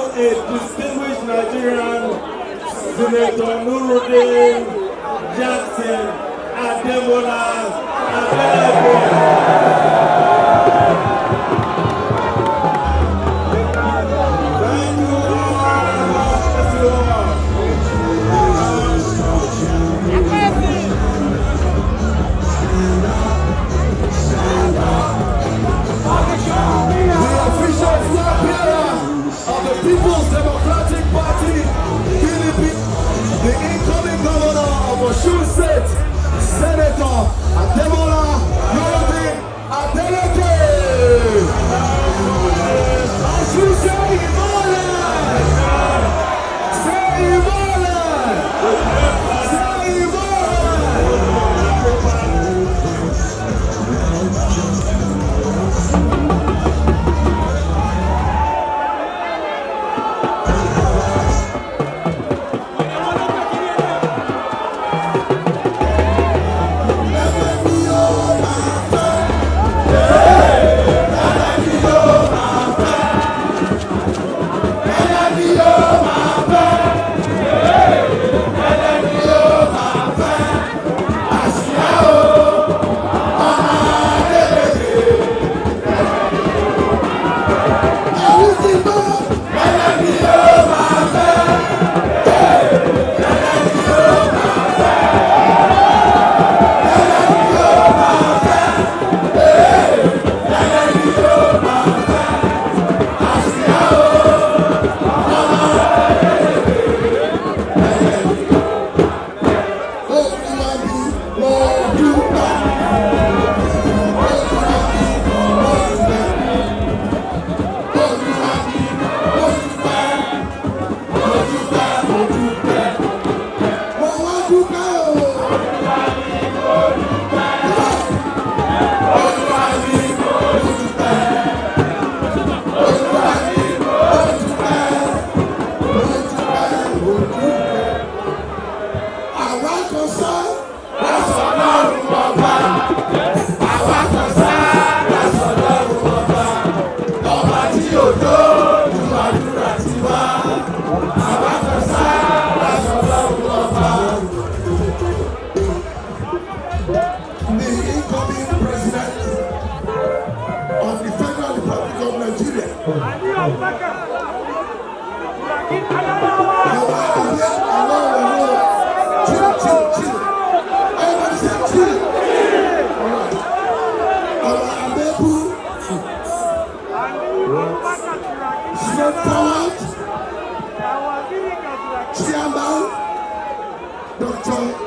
a distinguished Nigerian, Senator Nuruddin Jackson Ademola Adelebo.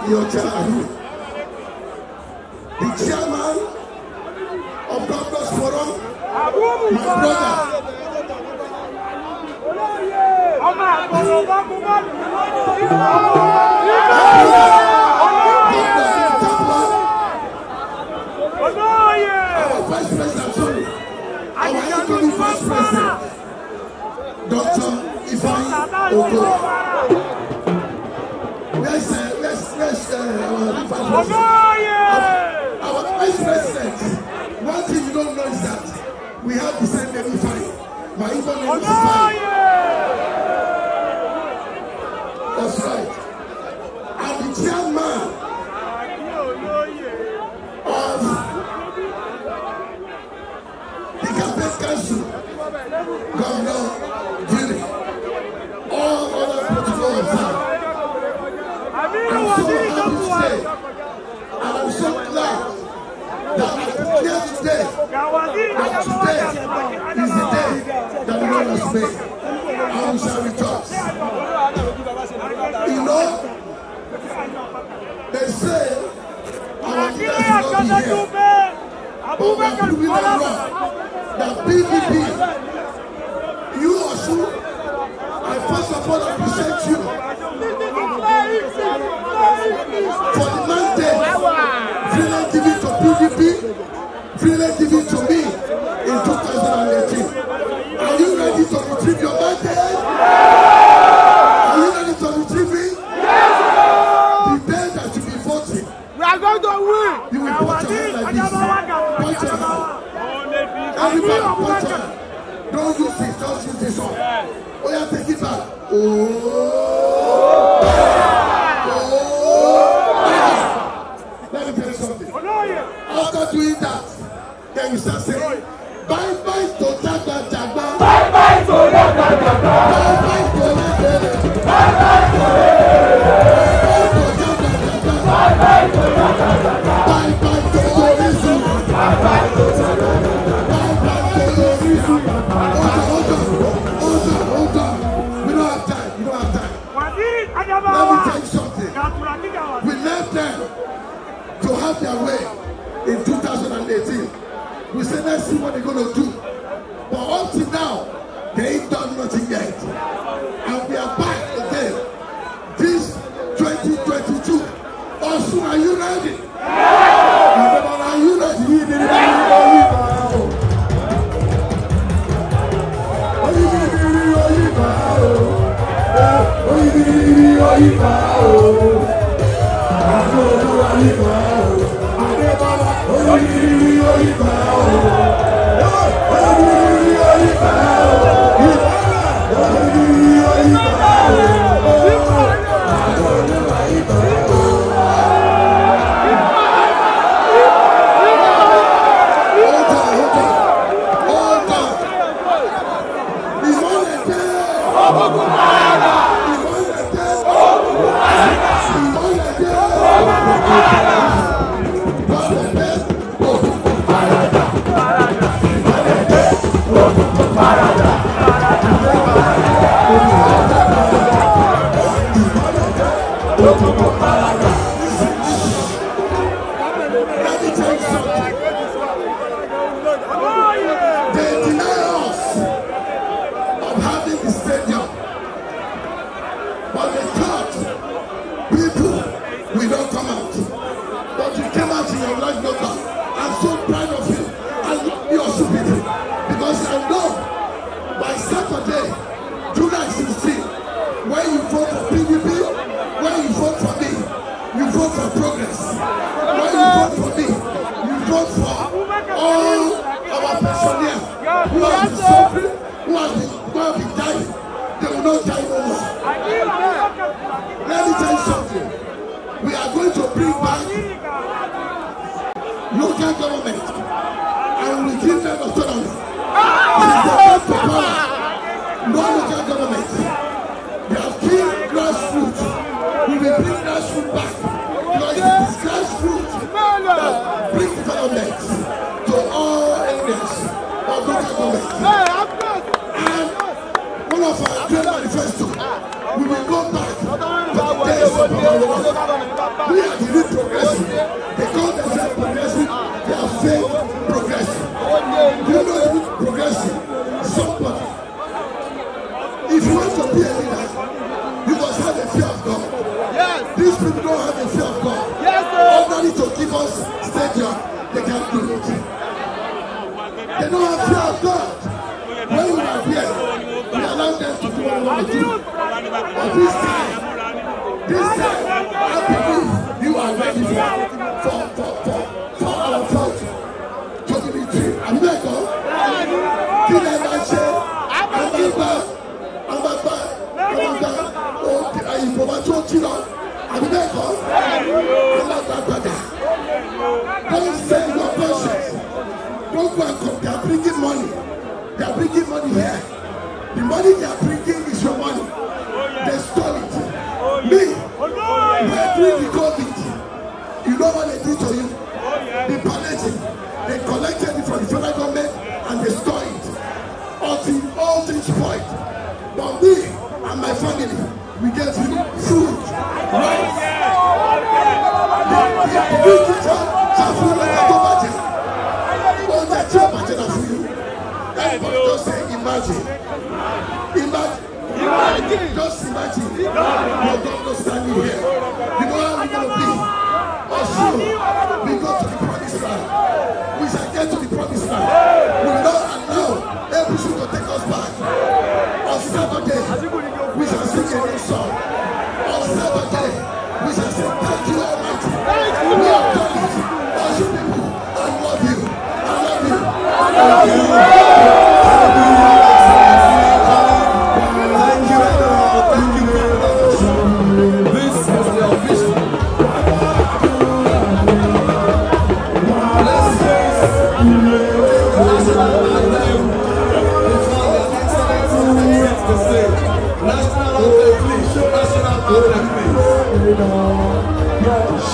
your childhood. The chairman of Governors Forum, my brother. Our vice president, sorry, our incoming vice president, Dr. Ifeanyi Ogo. Onoye! Our vice president, one thing you don't know is that we have the same name Ifai. My Igbo name is Ifai. That's right. And the chairman of the campaign council, Governor Till today, that today is the day that the Lord has made. And we shall rejoice. You know, they say our leaders not be here. But we are be that wrong. That PPP, you Osun, I first of all appreciate you. privilege given to me in 2018. Are you ready to retrieve your mandate? Are you ready to retrieve it? Yes, the day that you be voting, we are going to win. You will put your hand like this. Put your hand. Everybody, put your hand. Don't use this. Don't use this one. Oh, yeah, take it back. Oh. not die no more. Let me tell you something. We are going to bring back local government and we give them autonomy. We have the new progressive. They call themselves progressive. They are fake progressive. You know the new Somebody. If you want to be a leader, you must have the fear of God. Yes. These people don't have Yeah. imagine. Imagine. Imagine. Just imagine. Your governor standing here. You know how we're going to be. Also, oh, we go to the promised land. We shall get to the promised land. We will not allow everything to take us back. On Saturday, we shall sing a new song. On Saturday, we shall say, Thank you, Almighty. We are coming. Worship people. I love you. I love you. I love you. I love you.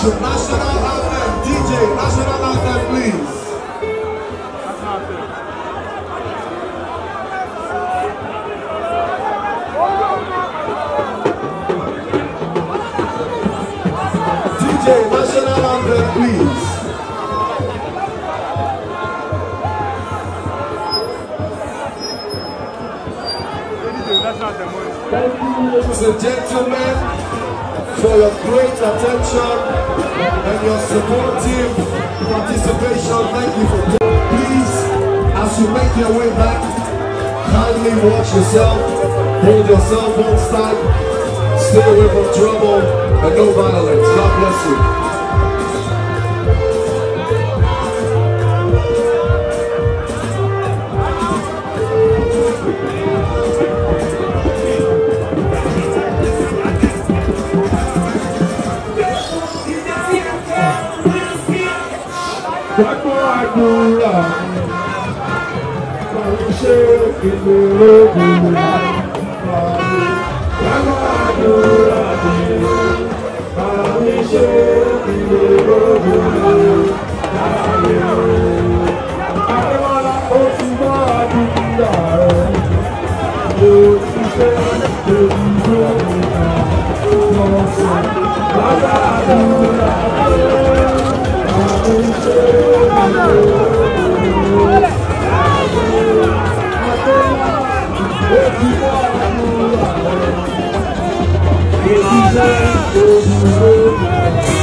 to National Anthem. DJ, National Anthem, please. DJ, National Anthem, please. Thank you, ladies and gentlemen for your great attention and your supportive participation. Thank you for that. Please, as you make your way back, kindly watch yourself, hold yourself on tight, stay away from trouble and no violence. God bless you. Yeah. Thank you.